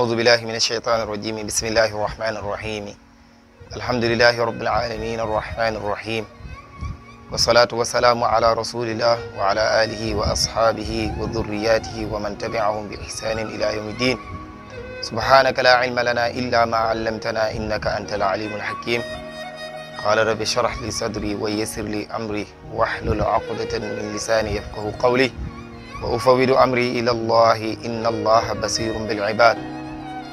أعوذ بالله من الشيطان الرجيم بسم الله الرحمن الرحيم الحمد لله رب العالمين الرحمن الرحيم والصلاة والسلام على رسول الله وعلى آله وأصحابه وذرياته ومن تبعهم بإحسان إلى يوم الدين سبحانك لا علم لنا إلا ما علمتنا إنك أنت العليم الحكيم قال رب اشرح لي صدري ويسر لي أمري واحلل عقدة من لساني يفقه قولي وأفوض أمري إلى الله إن الله بصير بالعباد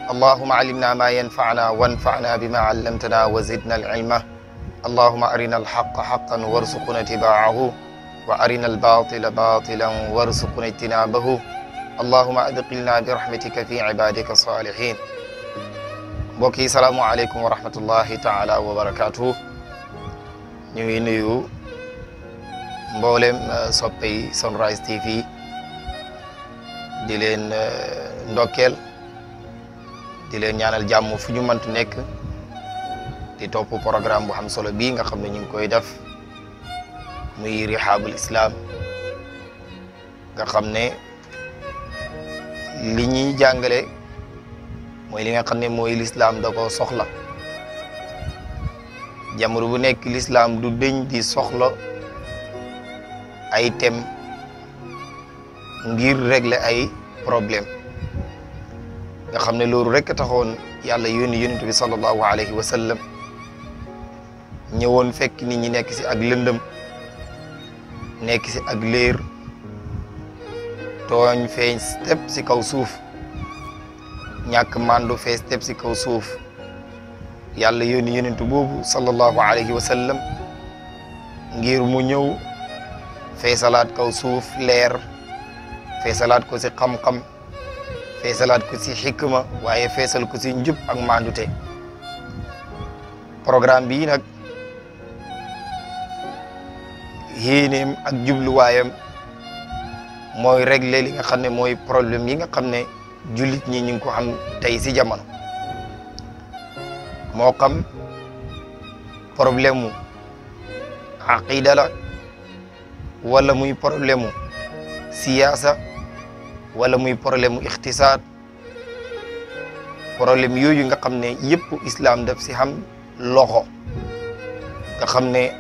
اللهم علمنا ما ينفعنا وانفعنا بما علمتنا وزدنا العلم اللهم أرنا الحق حقا وارزقنا اتباعه وأرنا الباطل باطلا وارزقنا اجتنابه اللهم أدقلنا برحمتك في عبادك الصالحين بوكي yi عليكم ورحمة الله تعالى وبركاته نيو نيو مبولم آه، صبي سنرايز soppe yi Sunrise TV di di leen ñaanal jàmm fu ñu mënti nekk di topp programme bu am solo bii nga xam ne ñu ngi koy def muy rihaabul islam nga xam ne li ñuy jàngale mooy li nga xam ne mooy lislaam da ko soxla jamono bu nekk lislaam du dëñ di soxla ay tem ngir régler ay problème nga xam ne loolu rek taxoon yàlla yónni yonent bi sallallahu alayhi wa sallam ñëwoon fekk nit ñi nekk si ak lëndëm nekk si ak léer tooñ feeñ teb si kaw suuf ñàkk màndu fee teb si kaw suuf yàlla yónni yonent boobu sallallahu alayhi wa ngir mu ñëw salaat kaw suuf leer feesalaat ko si xam-xam feesalaat ko si xikma waaye feesal ko si njub ak maandute programme bii nag yéeneem ak jubluwaayam mooy régler li nga xam ne mooy problème yi nga xam ne jullit ñi ñu ngi ko xam tey si jamono moo xam problème mu aqida la wala muy problème mu siyaasa wala muy problème mu problème yoyu nga xamné yépp islam daf ci xam loxo nga xamné ne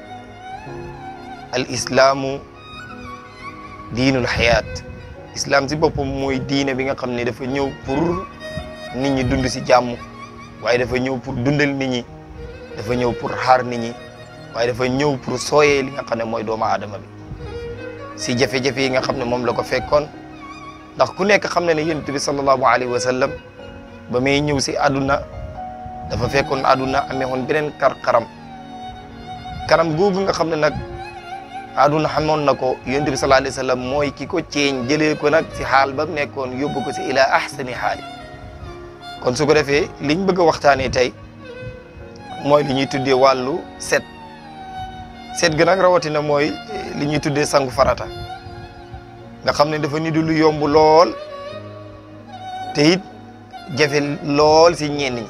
al islam dinul hayat islam ci bopum moy diine bi nga xamné ne dafa ñëw pour nit ñi dund ci jamm waye dafa ñëw pour dundal nit ñi dafa ñëw pour xaar nit ñi waye dafa ñëw pour soyé li nga xamné ne dooma adama bi si jafe-jafe yi nga xamné ne la ko fekkone ndax ku nekk xam na ne yonent bi sallallahu alayhi wa sallam ba may ñëw si àdduna dafa fekkoon àdduna amee woon beneen kar karam karam nga xam ne nag àdduna xamoon na ko yonent bi sallallahu alayhi wa mooy ki ko ceeñ jëlee ko nag si xaal ba mu nekkoon yóbbu ko si ila ahsani xaali kon su ko defee liñ bëgg a waxtaanee tey mooy li ñuy tuddee wàllu set set gi nag rawatina mooy li ñuy tuddee sangu farata nga xam ne dafa ñu du yomb lool te it jafe lool si ñenn ñi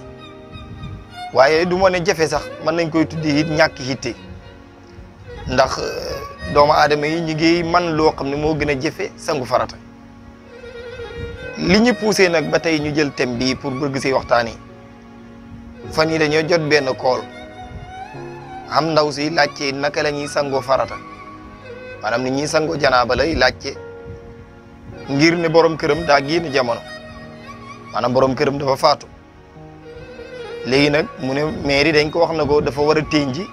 waaye du ma ne jafe sax mën nañ koy tuddee it ñàkk yitte ndax euh, doomu aadama yi ñu ngi man loo xam ne moo gën a jafe sangu farata li ñu poussé nag ba tey ñu jël thème bii pour bëgg si waxtaan yi fan yi dañoo jot benn kool am ndaw si laajte naka lañuy ñuy sangoo farata maanaam ni ñuy sangoo janaaba lay laajte ngir ne borom këram daa génn jamono maanaam borom këram dafa faatu léegi nag mu ne mairie dañ ko wax na ko dafa war a tinji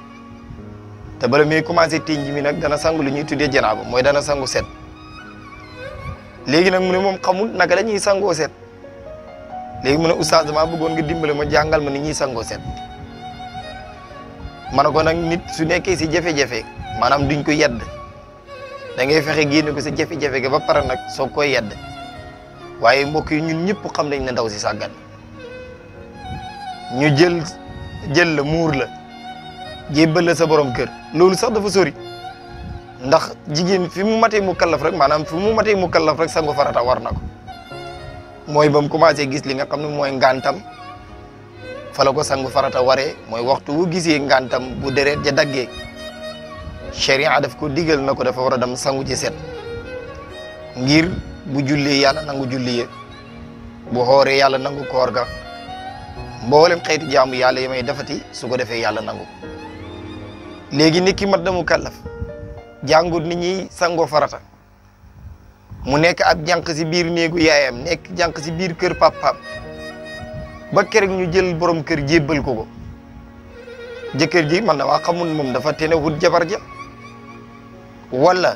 te bala muy commencé tinji mi nag dana sangu lu ñuy tuddee janaaba mooy dana sangu set léegi nag mu ne moom xamul nag la ñuy sangoo set léegi mu ne oustaz dama bëggoon nga dimbale ma jàngal ma ni ñuy sangoo set ma ne ko nag nit su nekkee si jafe-jafe maanaam duñ ko yedd da ngay fexé génn ko sa jafe-jafe ga ba pare nak so koy yedd waye mbokk yi ñun ñëpp xam nañ na ndaw ci sagal ñu jël jël la mur la jébbal la sa borom kër loolu sax dafa sori ndax jigéen fi mu maté mu kallaf rek manam fi mu maté mu kallaf rek sangu farata war nako moy bam commencé gis li nga xam moy ngantam fa la ko sangu farata waré moy waxtu wu gisé ngantam bu déré ja daggé sharia daf ko digal na ko dafa war a dem sangu ji set ngir bu julli yàlla nangu julli ye bu xooree yàlla nangu ko war ga mboolem xeeti jaamu yàlla yi may defati su ko defee yàlla nangu léegi nit ki mat na mu kàllaf ni ñi sangoo farata mu nekk ab jànq si biir néegu yaayam nekk jànq si biir kër papaam ba keroog ñu jël borom kër jébbal ko ko jëkkër ji man na waa xamul moom dafa teene wut jabar ja wala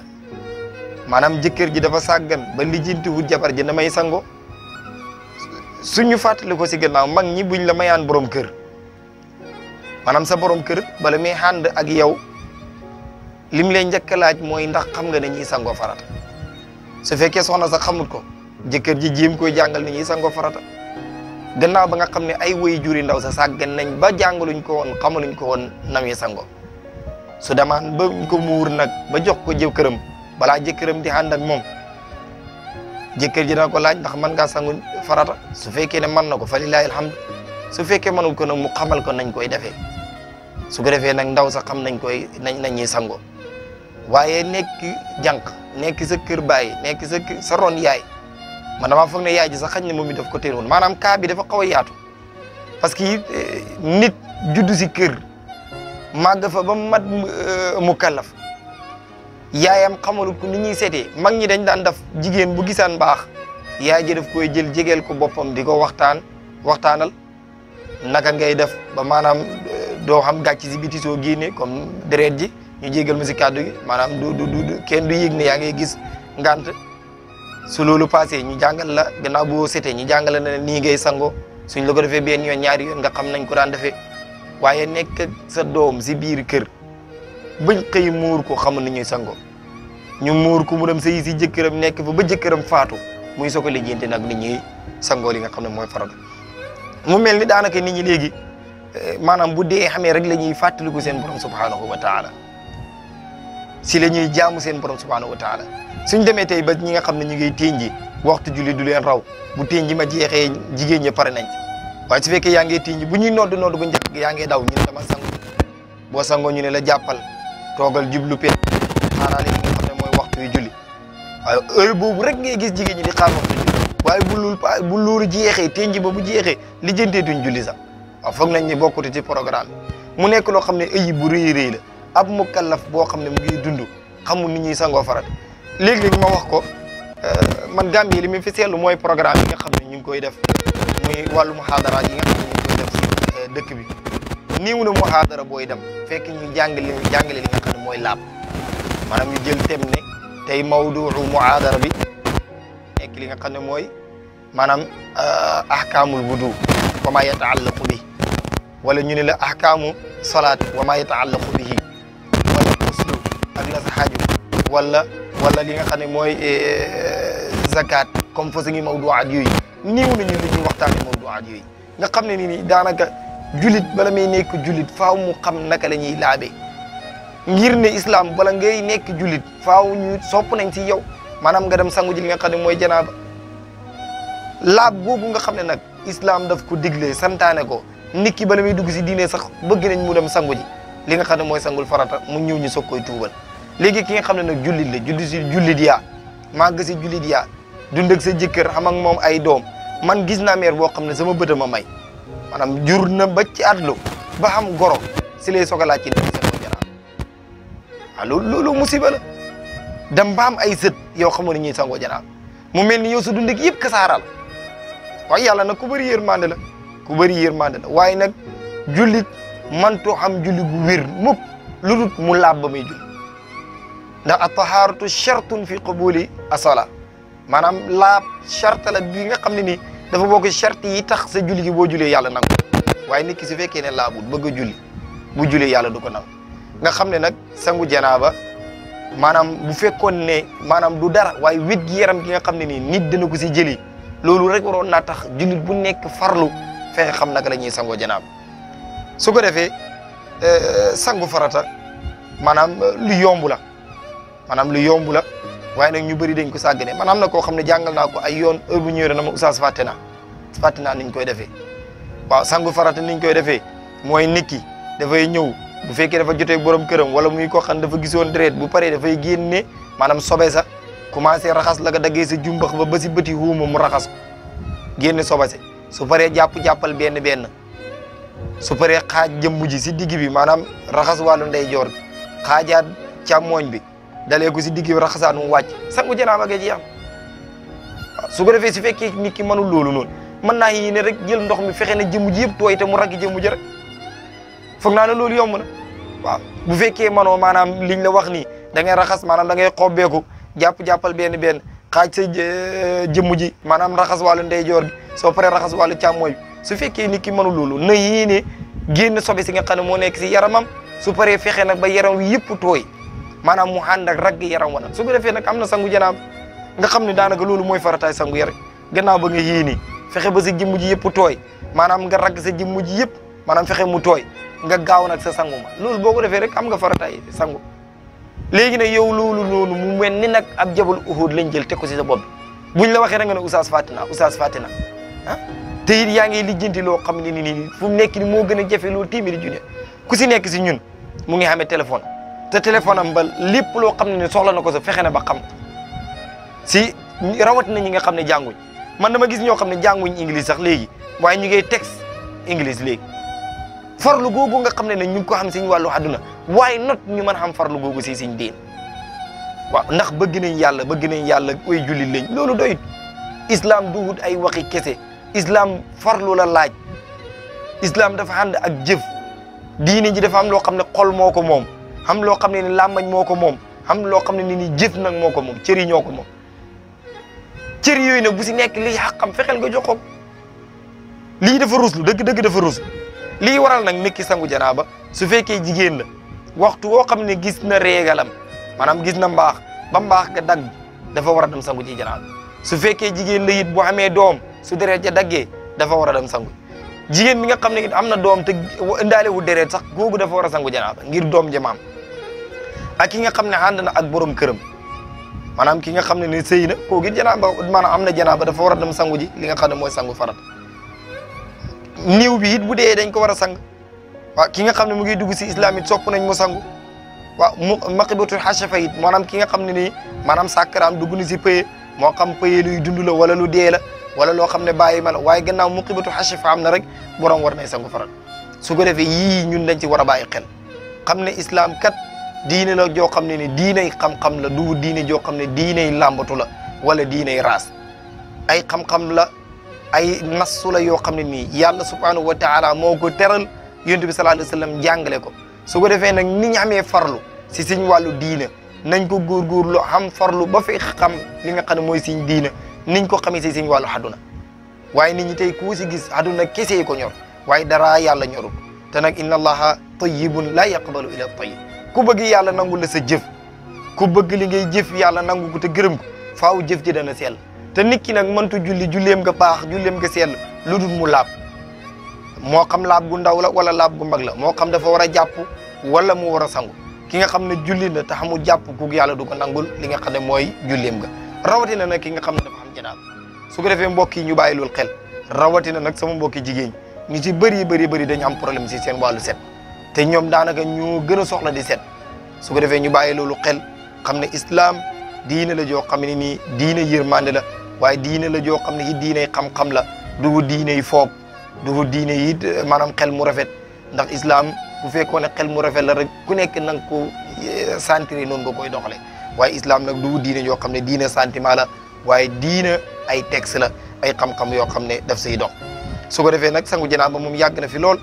maanaam jëkkër ji dafa sàggan ba lijjanti wut jabar ji na may sango suñu fàttali ko si gannaaw mag ñi buñ la mayaan borom kër maanaam sa borom kër bala muy ànd ak yow lim lay njëkk laaj mooy ndax xam nga ne ñuy sangoo farata su fekkee soxna sax xamut ko jëkkër ji jéem koy jàngal ne ñuy sangoo farata gannaaw ba nga xam ne ay woy juri ndaw sa sàggan nañ ba jàngaluñ ko woon xamaluñ ko woon na muy sangoo su damaan ba ko nag ba jox ko jëkkëram balaa jëkkëram di ànd ak moom jëkkër ji na ko laaj ndax mën ngaa sangu farata su fekkee ne mën na ko fa lillahi alhamd su fekkee mënul ko nag mu xamal ko nañ koy defee su ko defee nag ndaw sax xam nañ koy nañ nañuy sango waaye nekk janq nekk sa kër baay nekk sa sa ron yaay man damaa foog ne yaay ji sax xañ ne moom mi daf ko téewoon maanaam cas bi dafa xaw a yaatu parce que eh, nit juddu si kër màgg fa ba mat euh, mu kallaf yaayam xamalul ko ni ñuy seetee mag ñi dañ daan def jigéen bu gisaan baax yaay ji daf koy jël jegeel ko boppam di ko waxtaan waxtaanal naka ngay def ba maanaam euh, doo xam gàcc si biti soo génnee comme deret ji ñu jégal ma si kàddu gi maanaam du du du kenn du yëg ne yaa ngay gis ngant su loolu passé ñu jàngal la gannaaw boo setee ñu jàngale na nii ngay sango suñ la ko defee benn yoon ñaari yoon nga xam nañ ko daan defee waaye nekk sa doom si biir kër bañ xëy muur ko xamul ni ñuy sango ñu muur ko mu dem sëy si jëkkëram nekk fa ba jëkkëram faatu muy soo ko lijjanti nag nit ñuy sangoo li nga xam ne mooy faral mu mel ni daanaka nit ñi léegi eh, maanaam bu dee xamee rek la ñuy fàttaliku seen borom subhanahu wa taala si la ñuy jaamu seen borom subhanahu wa taala suñ demee tey ba ñi nga xam ne ñu ngi ténji waxtu julli du leen raw bu ténji ma jeexee jigéen ñi pare nañ way ci fekke yaangi tiñ bu ñuy nodd nodd bu njëkk yaangi daw ñu dama sang bo sango ñu ne la jappal togal jublu pe xaaraale li nga xamne moy waxtu yu julli way heure boobu rek ngay gis jigéen ñi di xaar waxtu way bu lul pa bu luuru jeexee tiñ bi bu jeexee li jëntee duñ julli sax wa fokk nañ ni bokku ci programme mu nekk lo xamne ay bu reey reey la ab mukallaf bo xamne mu ngi dundu xamu ni ñi sango farat leg leg ma wax ko euh, man Gambie limi fi seetlu moy programme yi nga xamne ñu ngi koy def muy wàllu yi nga xam ne ñu def si euh, dëkk bi niiw na muhaadara booy dem fekk ñu jàngale jàngale li nga xam ne mooy laab maanaam ñu jël thème ne tey mawduuxu muhaadara bi nekk li nga xam ne mooy maanaam euh, ahkaamul wudu wa wala ñu ne la ahkaamu salaat wa maa wala uslu li nga xam ne mooy euh, zakat comme fa sa ngi néew nañu li ñuy waxtaanee mawduaat yooyu nga xam ne ni nii daanaka julit bala may nekk julit faaw mu xam naka la ñuy laabee ngir ne islam bala ngay nekk julit faaw ñu sopp nañ ci yow maanaam nga dem sangu ji li nga xam ne mooy janaaba laab boobu nga xam ne nag islam daf ko digle santaane ko nit ki bala muy dugg si diine sax bëgg nañ mu dem sangu ji li nga xam ne mooy sangul farata mu ñëw ñu soog koy tuubal léegi ki nga xam ne nag jullit la julli si jullit yaa màgg jullit yaa dund ak sa jëkkër am ak mom ay doom man gis na mère bo xamne sama bëdd ma may manam jurna ba ci atlu ba am goro ci lay soog a ci nekk sa jara jaraam ah loolu loolu musiba la dem ba am ay seut yo sango jara mu melni yow su dund ak way yalla ku la ku la nak julit man mantu ham julit gu wir mukk lu dut mu laab ba muy at taharatu shartun fi qabuli asala maanaam laab charte la bi nga xam ne nii dafa bokk ci charte yi tax sa julli gi boo julee yàlla nangu waaye nit ki su fekkee ne laabul bëgg a julli bu julee yàlla du ko nangu nga xam ne nag sangu janaaba maanaam bu fekkoon ne maanaam du dara waaye wit gi yaram gi nga xam ne nii nit dina ko si jëli loolu rek waroon naa tax jullit bu nekk farlu fexe xam naka la ñuy sangoo janaaba su ko defee euh, sangu farata maanaam lu yomb la maanaam lu yomb la waye nak ñu bari dañ ko sàggane man amna ko xamne jangal na ko ay yoon heure bu ñëwee na ma oustaz fatena fatena niñ koy defee waaw sangu farata niñ koy defee moy nikki ki fay ñëw bu fekkee dafa jotté borom kërëm wala muy koo xam dafa gisoon bu da fay génné Manam sobe sa commencé raxas la ga daggee sa jumbax ba ba bëti huuma mu raxas génné sobé sobe sa su paré japp jappal benn benn su paré xaj jëmm ji si digg bi manam raxas wàllu ndeyjoor bi xaajaat càmmooñ bi dalee ko si digg raxasaan mu wàcc sangu janaaba ga jeex ko defee su fekkee nit ki mënul loolu noonu mën naa yi rek jël ndox mi fexe na jëmm ji yëpp tooy te mu ragg jëmm ji rek foog naa ne loolu yomb na bu fekkee manoo maanaam liñ la wax nii da ngay raxas maanaam da ngay xobbeeku jàpp-jàppal benn benn xaaj sa jëmm ji maanaam raxas wàllu ndeyjoor gi soo paree raxas wàllu càmmooy su fekkee nit ki mënul loolu na yii ne génn sobe si nga xam ne moo nekk si yaramam su paree fexe nag ba yaram wi yëpp tooy maanaam mu ànd ak ragg yaram wala su ko defee nag am na sangu janaab nga xam ne daanaka loolu mooy farataay sangu yaram gannaaw ba nga yéene fexe ba sa jëmm ji yëpp tooy maanaam nga ragg sa jëmm ji yëpp maanaam fexe mu tooy nga gaaw nag sa sangu ma loolu boo ko defee rek am nga farataay sangu léegi nag yow loolu noonu mu mel ni nag ab jabal uhud lañ jël teg ko si sa bopp buñ la waxee rek nga ne Oustaz Fatina Oustaz Fatina ah te it yaa ngi lijjanti loo xam ne ni nii fu mu nekk ni moo gën a jafe loolu téeméeri junne ku si nekk si ñun mu ngi xamee téléphone te téléphone am ba lépp loo xam ne soxla na ko sa fexe na ba xam si rawatina ñi nga xam ne jànguñ man ma gis ñoo xam ne jànguñ English sax léegi waaye ñu ngi texte English léegi farlu googu nga xam ne ne ñu ngi ko xam siñ wàllu àdduna waaye not ñu mën xam farlu googu si siñ diin waaw ndax bëgg nañ yàlla bëgg nañ yàlla way jullit lañ loolu doyut islam duwut ay waxi kese islam farlu la laaj islam dafa ànd ak jëf diini ji dafa am loo xam ne xol moo ko moom am loo xam ne ni làmmañ moo ko moom am loo xam ne ni ni jëf nag moo ko moom cër yi ñoo ko moom cër yooyu nag bu si nekk li xaqam fexeel nga jox ko lii dafa ruslu dëgg dëgg dafa ruslu lii waral nag nekki ki sangu janaaba su fekkee jigéen la waxtu woo xam ne gis na réegalam maanaam gis na mbaax ba mbaax ga dagg dafa war a dem sangu ci janaaba su fekkee jigéen la it bu amee doom su deret ja daggee dafa war a dem sangu jigéen bi nga xam ne it am na doom te indaale wu deret sax googu dafa war a sangu janaaba ngir doom jamaam ak ki nga xam ne ànd na ak boroom këram maanaam ki nga xam ne ni sëy na koo gi janaaba maanaam am na janaaba dafa war a dem sangu ji li nga xam ne mooy sangu farat niiw bi it bu dee dañ ko war a sang waaw ki nga xam ne mu ngi dugg si islam it sopp nañ mu sangu waaw mu maqibatul xasafa it maanaam ki nga xam ne ni maanaam sàkkaraam dugg na si paye moo xam paye luy dund la wala lu dee la wala loo xam ne bàyyi ma la waaye gannaaw muqibatu xashafa am na rek borom war nay sangu su ko defee yii ñun dañ ci war a bàyyi xel xam ne islam diine la joo xam ne ni diina xam la du diine joo xam ne diiney làmbatu la wala diiney raas ay xam-xam la ay nassu la yoo xam ne nii yàlla subhanahu wa taala moo ko teral yonent bi sallallahu alayhi wa sallam jàngale ko su ko defee nag ni ñu amee farlu si suñ wàllu diine nañ ko góorgóorlu xam farlu ba fi xam li nga xam ne mooy siñ diine niñ ko xamee si suñ wàllu àdduna waaye nit ñi tey ku si gis àdduna kese ko ñor waaye daraa yàlla ñorul te nag inna allaha tayyibun la yaqbalu illa tayyib ku bëgg yàlla nangu la sa jëf ku bëgg li ngay jëf yàlla nangu ko te gërëm ko faaw jëf ji dana sell te nit ki nag mëntu julli julleem nga baax julleem nga sell lu dul mu laab moo xam laab gu ndaw la wala laab gu mag la moo xam dafa war a jàpp wala mu war a sangu ki nga xam ne julli na ta mu jàpp ku yàlla du ko nangul li nga xam ne mooy julleem nga rawatina nag ki nga xam ne dafa su ko defee mbokk yi ñu bàyyi loolu xel rawatina nag sama mbokki jigéen ñi ñu ci bëri bëri bëri dañu am problème si seen wàllu set te ñoom daanaka ñoo gën a soxla di seet su ko defee ñu bàyyi loolu xel xam ne islaam diine la joo xam ne nii diine yërmande la waaye diine la joo xam ne it diine xam la du diine yi foob du diine yi eh, maanaam xel mu rafet ndax islaam bu fekkoon ne xel mu rafet la rek ku nekk na nga ko eh, sentir noonu nga koy doxale waaye islaam nag du diine yoo xam ne diine sentiment la waaye diine ay texte la ay xam yoo xam ne def say dox su ko defee nag sangu janaaba moom yàgg na fi lool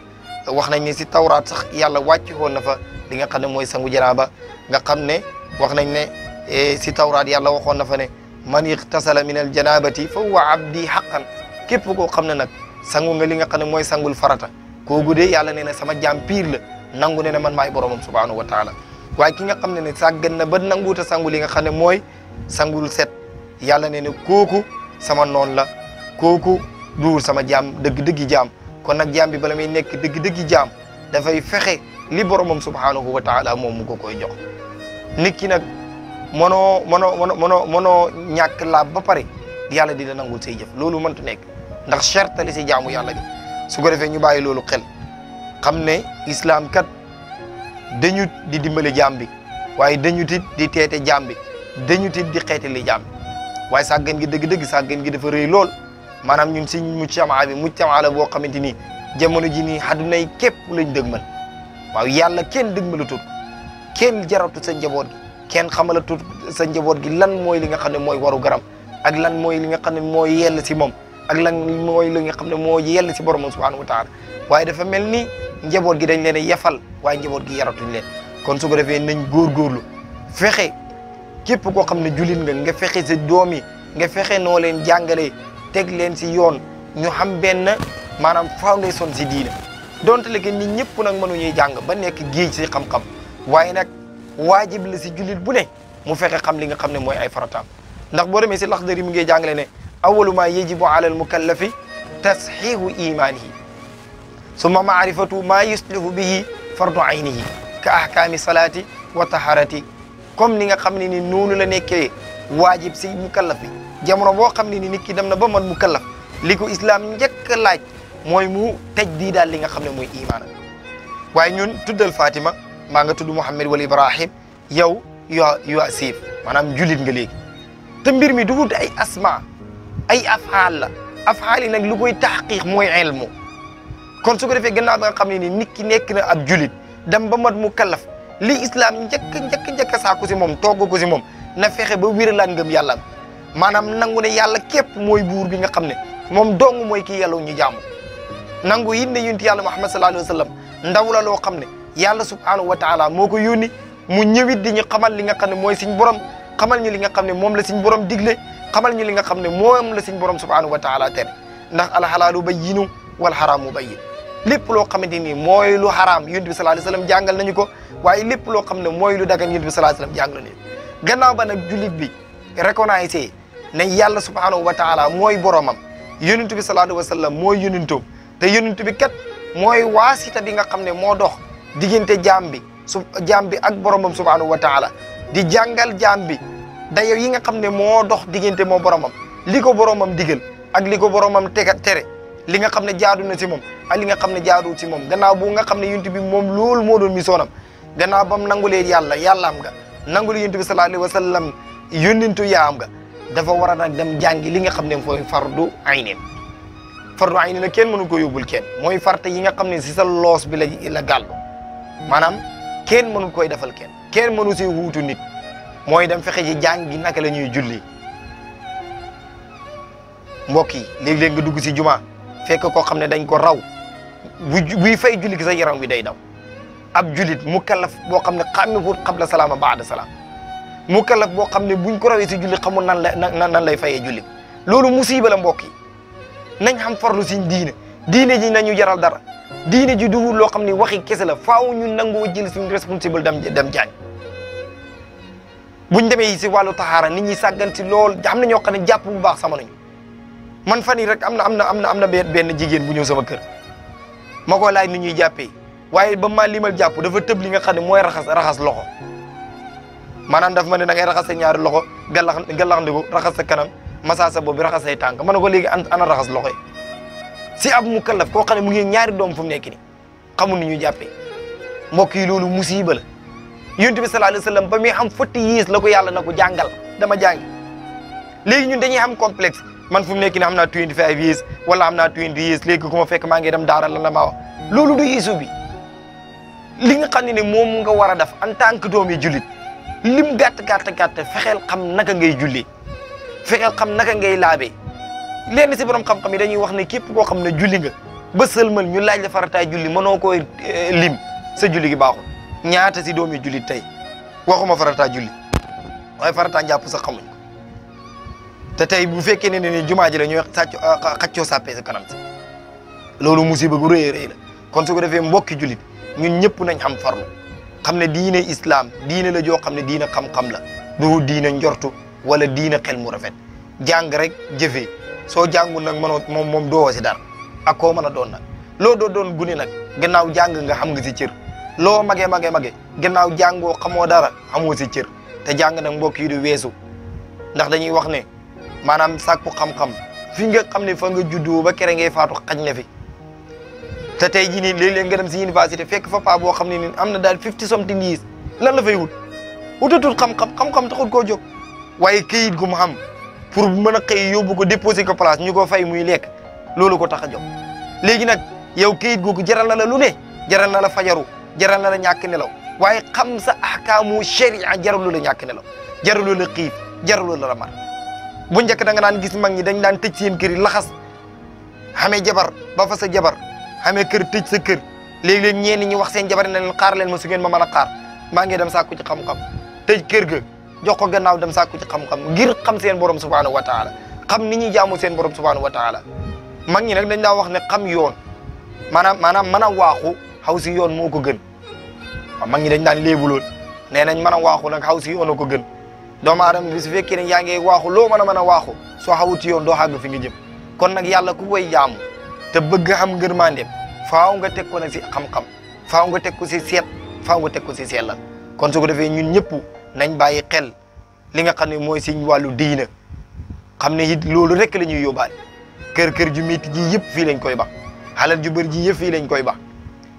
wax nañ ne si tawraat sax yàlla wàcc woon na fa li nga xam ne mooy sangu janaaba nga xam ne wax nañ ne e, si tawraat yàlla waxoon na fa ne man ixtasala min al janabati fa huwa abdi xaqan képp koo xam ne nag sangu nga li nga xam ne mooy sangul farata kooku de yàlla ne na sama jaam piir la nangu ne ne man maay boromam subhanahu wa taala waaye ki nga xam ne ne sàggan na ba nanguuta sangu li nga xam ne mooy sangul set yàlla ne ne kooku sama noon la kooku duur sama jaam dëgg-dëggi jaam kon nak jambi bi bala muy deug dëgg-dëgg jaam dafay fexe li boromam subhanahu wa taala mom ko koy jox nit ki nak mono mono mono mono ñak la ba paré yalla di la nangul sey jëf mën tu nek, ndax charte li si jaamu yalla bi su ko defé ñu bayyi lolu xel xamné islam kat dañu di dimbale jambi waye dañu tit di tété jambi, dañu tit di xeetali jambi, waye sa gën gi deug sa gën gi dafa reuy lolu maanaam ñun suñ mujtamaa bi mujtamaa ala boo xamante ni jamono ji nii àddunay képp lañ dëgmal waaw yàlla kenn dëgmalatut kenn jaratu sa njaboot gi kenn xamalatut sa njaboot gi lan mooy li nga xam ne mooy waru garam ak lan mooy li nga xam ne mooy yell si moom ak lan mooy nga xam ne mooy yell si borom subhanahu wa taala waaye dafa mel ni njaboot gi dañ leen a yefal waaye njaboot gi yaratuñ leen kon su ko defee nañ góorgóorlu fexe képp koo xam ne julin nga nga fexe sa doom yi nga fexe noo leen jàngalee teg leen si yoon ñu xam benn maanaam foundation si diine donte léegi nit ñëpp nag mënuñuy jàng ba nekk géej si xam-xam waaye nag waajib la si jullit bu ne mu fexe xam li nga xam ne mooy ay farataam ndax boo demee si Laxdari mu ngi jàngale ne awalu ma yajibu ala al mukallafi tasxihu imaanihi summa maarifatu ma yuslihu bihi fardu aynihi ka ahkaami salaati wa taharati comme ni nga xam ne ni noonu la nekkee waajib si mukallaf jamono bo xamni ni niki dem na ba man mu islam ñeek laaj moy mu tej di dal li nga xamne moy iman waye ñun tuddal fatima ma nga tuddu wali wal ibrahim yow ya yasif manam julit nga legi te mbir mi dugut ay asma ay afaal la afaal yi lu koy tahqiq moy ilmu kon su ko defé gennaw nga xamni ni niki nek na ab julit dem ba mat mu li islam ñeek ñeek sa ko ci mom togo ko ci mom na fexé ba wéralaan ngëm maanaam nangu ne yàlla képp mooy buur bi nga xam ne moom dong mooy kii yàlla ñu jaamu nangu it ne yonent yàlla Muhammad sallallahu alayhi wa sallam ndaw la loo xam ne yàlla subhanahu wa taala moo ko yónni mu ñëwit di ñu xamal li nga xam ne mooy suñ borom xamal ñu li nga xam ne moom la suñ borom digle xamal ñu li nga xam ne moom la suñ borom subhanahu wa taala tere ndax alxalaalu bayyinu wal xaraamu bayyin lépp loo xamante ni mooy lu xaraam yonent bi sallallahu alayhi wa sallam jàngal nañu ko waaye lépp loo xam ne mooy lu dagan yonent bi sallallahu alayhi wa ba nag jullit bi reconnaissé ne yàlla subhaanahu wa taala mooy boromam yonentu bi salaatu wa sallam mooy yonentoom te yonentu bi kat mooy waasita bi nga xam ne moo dox diggante jaam bi su jaam bi ak boromam subhaanahu wa taala di jàngal jaam bi dayo yi nga xam ne moo dox diggante moo boromam li ko boromam digal ak li ko boromam tega tere li nga xam ne jaadu na si moom a li nga xam ne jaadu si moom gannaaw bu nga xam ne yonent bi moom loolu moo doon misoonam gannaaw bam nangulee yàlla yàlla am nga nangule yonent bi sallallahu alayhi wa sallam yónnintu yaa am nga dafa war a nag dem jàngi li nga xam ne mooy fardu aynin fardu aynin nag kenn mënu ko yóbbul keen mooy farta yi nga xam ne si sa loos bi la la gàllu maanaam kenn mënu koy defal kenn kenn mënu si wuutu nit mooy dem fexe ji jàngi naka la ñuy julli mbokk yi léeg-léeg nga dugg si juma fekk koo xam ne dañ ko raw bu buy fay julli gi sa yaram wi day daw ab julit mu kallaf boo xam ne xàmmewut qabla salaama baada salaam mu kalaf boo xam ne buñ koro rawee si julli xamul nan la nan nan lay fayee julli loolu musiba la mbokk yi nañ xam farlu siñ diina diine ji nañu jaral dara diine ji duwul loo xam ne waxi kese la faaw ñu nangoo jël suñ responsable dem dem jaañ buñ demee si wàllu taxaara nit ñi sàgganti lool am na ñoo xam ne jàpp bu baax sama nañu man fan yi rek am na am na am na am na benn jigéen bu ñëw sama kër ma ko laay ni ñuy jàppee waaye ba ma limal jàpp dafa tëb li nga xam ne mooy raxas raxas loxo maanaam daf ma ne da ngay raxas sa ñaari loxo gàllax gàllaxndiku raxas sa kanam masaa sa boobu raxas say tànk ma ne ko léegi ana raxas loxo yi si ab mu kallaf koo xam ne mu ngi ñaari doom fu mu nekk ni xamul ni ñu jàppee mbokk yi loolu musiba la yonent bi sallallahu alayhi wa sallam ba muy am fotti yiis la ko yàlla na ko jàngal dama jàngi léegi ñun dañuy am complexe man fu mu nekk ni xam naa 25 years wala am naa 20 years léegi ku ma fekk maa ngi dem daara la la ma loolu du yiisu bi li nga xam ne ne moom nga war a def en tant que doom yi jullit lim gàtt gàtt gàtt fexeel xam naka ngay julli fexeel xam naka ngay laabe lenn si borom xam-xam yi dañuy wax ne képp koo xam ne julli nga ba sëlmal ñu laaj la farataay julli mënoo koo eh, lim sa julli gi baaxul ñaata si doomi julli tey waxuma farataay julli waaye farataay njàpp sax xamuñ ko te tey bu fekkee ne ne jumaa ji la ñuy sàcc ah, xaccoo sàppee sa kanam si loolu musiba gu rëy a rëy kon su ko defee mbokki jullit ñun ñëpp nañ xam farlu xam ne diine islam diine la joo xam ne diine xam-xam la du diine njortu wala diine xel mu rafet jàng rek jëfee soo jàngul nag mënoo moom moom doo si dara ak koo mën a doon nag loo doo doon gune nag gannaaw jàng nga xam nga si cër loo magee mage magee gannaaw jàngoo xamoo dara xamoo si cër te jàng nag mbokk yi du weesu ndax dañuy wax ne maanaam sàkku xam-xam fi nga xam ne fa nga juddoo ba kere ngay faatu xaj na fi te tey jii nii léeg-léeg nga dem si université fekk fa paa boo xam ne nii am na daal fifty something years lan la fay wut wutatul xam-xam xam-xam taxul koo jóg waaye këyit gu mu xam pour mën a xëy yóbbu ko déposé ko place ñu ko fay muy lekk loolu ko tax a jóg léegi nag yow këyit googu jaral na la lu ne jaral na la fajaru jaral na la ñàkk nelaw waaye xam sa ahkaamu sharia jaralu la ñàkk nelaw jaralu la xiif jaralu la mar bu njëkk da nga daan gis mag ñi dañ daan tëj seen kër yi laxas xamee jabar ba fa sa jabar xamee kër tëj sa kër léegi-léeg ñenn ñi wax seen jabar na leen xaar leen ma su ngeen ma mën a xaar maa ngi dem sàkku ci xam-xam tëj kër ga jox ko gannaaw dem sàkku ci xam-xam ngir xam seen borom subhaanahu wa taala xam ni ñuy jaamu seen borom subhaanahu wa taala mag ñi nag dañ daa wax ne xam yoon maanaam maanaam mën a waaxu xaw si yoon moo ko gën waaw mag ñi dañ daan léebuloon nee nañ mën a waaxu nag xaw si yoon a ko gën doomu aadama bi su yaa ngi waaxu loo mën a mën a waaxu soo xawut yoon doo xàgg fi nga jëm kon nag yàlla ku koy jaamu te bëgg xam ngërmandeem faaw nga teg ko nag si xam-xam faaw nga teg ko si seet faaw nga teg ko si seetlal kon su ko defee ñun ñëpp nañ bàyyi xel li nga xam ne mooy si wàllu diina xam ne it loolu rek la ñuy yóbbaale kër kër ju métti ji yëpp fii lañ koy ba xalal ju bëri ji yëpp fii lañ koy ba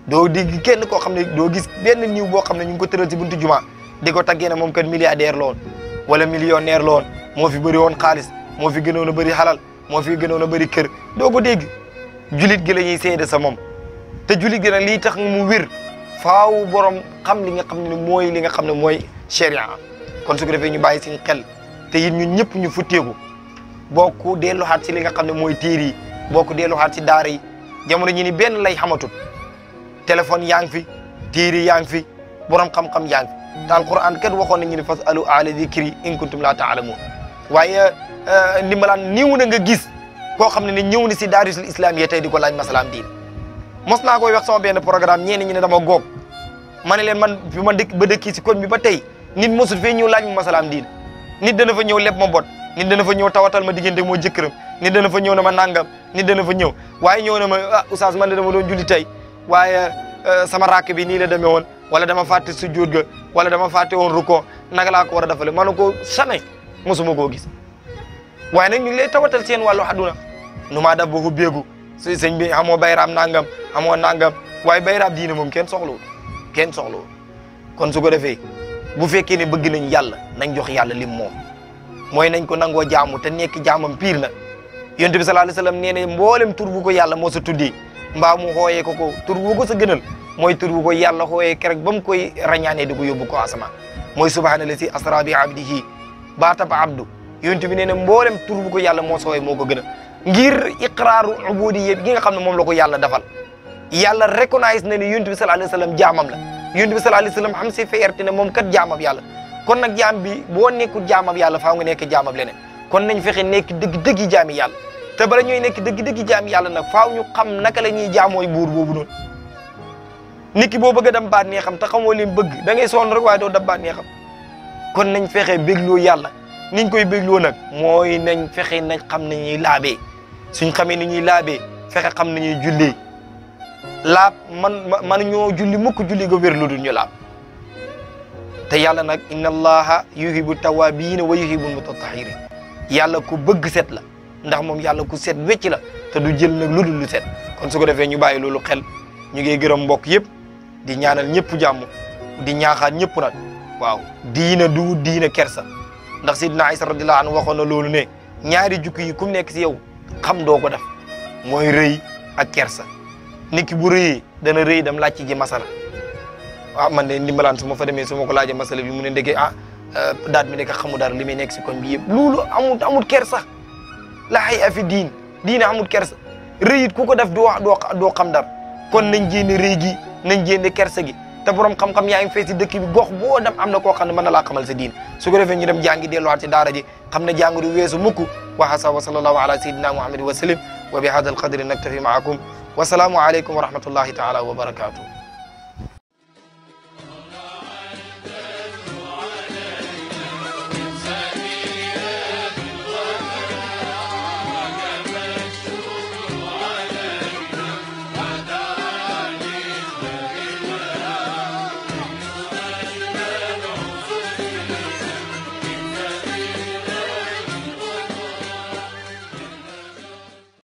doo dégg kenn koo xam ne doo gis benn niw boo xam ne ñu ngi ko tëral si buntu jumaa di ko taggee ne moom kat milliardaire la woon wala millionnaire la woon moo fi bari woon xaalis moo fi gënoon a bëri xalal moo fi gënoon a bëri kër doo ko dégg julit gi la ñuy seede sa moom te julit gi nag lii tax mu wir faaw borom xam li nga xam ne mooy li nga xam ne mooy sharia kon su ko ñu bàyyi suñu xel te it ñun ñëpp ñu futteeku boo ko delluwaat si li nga xam ne mooy téere yi boo ko delluwaat si daara yi jamono ñi ni benn lay xamatul téléphone yaa ngi fi téere yaa ngi fi borom xam-xam yaa ngi fi te alquran kat waxoon nañu ne fas alu ala dikri in kuntum laa moo waaye ndimbalaan euh, niiw na nga gis. koo xam ne ne ñëw na si daarisul islam tey di ko laaj masalaam diin mos naa koy wax sama benn programme ñeeni ñi ne dama goog ma ne leen man bi ma dëkk ba dëkki si koñ bi ba tey nit mosut fee ñëw laaj mu masalaam diin nit dana fa ñëw leb ma bot nit dana fa ñëw tawatal ma diggante moo jëkkëram ni dana fa ñëw na ma nangam nit dana fa ñëw waaye ñëw na ma ah oustaz man de dama doon juli tey waaye eh, sama rakk bi nii la demee woon wala dama fàtte sujjóot ga wala dama fàtte woon ruko naka laa ko war a defale ma ne ko sane mosuma koo gis waaye nag ñu ngi lay tawatal seen wàllu àdduna nu maa def ba xubbeeku sëñ bi amoo bayraam nangam amoo nangam waaye bayraam diine moom kenn soxlawul kenn soxlawul kon su ko defee bu fekkee ne bëgg nañ yàlla nañ jox yàlla lim moom mooy nañ ko nangoo jaamu te nekk jaamam piir na yonent bi sallallahu alayhi wasallam nee na mboolem tur bu ko yàlla moo sa tuddee mbaa mu xooyee ko ko tur bu ko sa gënal mooy tur bu ko yàlla xooyee kerek ba mu koy rañaanee di ko yóbbu ko asamaan mooy subhaanala si asra bi abdihi baatab abdu yonent bi nee na mboolem tur bu ko yàlla moo sooyee moo ko gënal ngir iqraaru ubudiyya gi nga xam ne moom la ko yàlla defal yàlla recognize na ne yonent bi sallallahu alayhi wasallam jaamam la yonent bi sallallahu alayhi wasallam am si fierté ne moom kat jaamab yàlla kon nag jaam bi boo nekkul jaamab yàlla faaw nga nekk jaamab leneen kon nañ fexe nekk dëgg-dëggi jaami yàlla te bala ñooy nekk dëgg-dëggi jaami yàlla nag faaw ñu xam naka la ñuy jaamooy buur boobu noonu nit ki boo bëgg a dem baat nee xam te xamoo lim bëgg da ngay sonn rek doo dem baat nee xam kon nañ fexe bégloo yàlla niñ koy bégloo nag mooy nañ fexe nañ xam nañuy laabee suñ xamee ni ñuy laabee fexe xam nañuy ñuy julli laab man man ñoo julli mukk julli ga wér lu dul ñu laab te yàlla nag inna allaha yuhibu tawaabina wa yuhibu mutatahhirin yàlla ku bëgg set la ndax moom yàlla ku set wecci la te du jël nag lu dul lu set kon su ko defee ñu bàyyi loolu xel ñu ngi gërëm mbokk yëpp di ñaanal ñëpp jàmm di ñaaxaat ñëpp nag waaw diina du diina kersa ndax sidna Isa radiyallahu anhu waxoon na loolu ne ñaari jukki yi kum nekk si yow xam doo ko def mooy rëy ak kersa nit ki bu rëyee dana rëy dem laaj ci ji masala ah man de ndimbalaan suma ma fa demee su ma ko laajee masala bi mu ne ndeke ah euh, daat mi nekk xamu dara li muy nekk si koñ bi yëpp loolu amul amul kersa la xay afi diin diine amul kersa yit ku ko def doo doo doo xam dara kon nañ jénne rëy gi nañ jénne kersa gi ta borom xam-xam yaa ngi fee si dëkk bi gox boo dem am na koo xam ne mën na laa xamal sa diin su ko defee ñu dem jàngi delluwaat si daara ji xam ne jàng du weesu وحسب وصلى الله على سيدنا محمد وسلم وبهذا القدر نكتفي معكم والسلام عليكم ورحمة الله تعالى وبركاته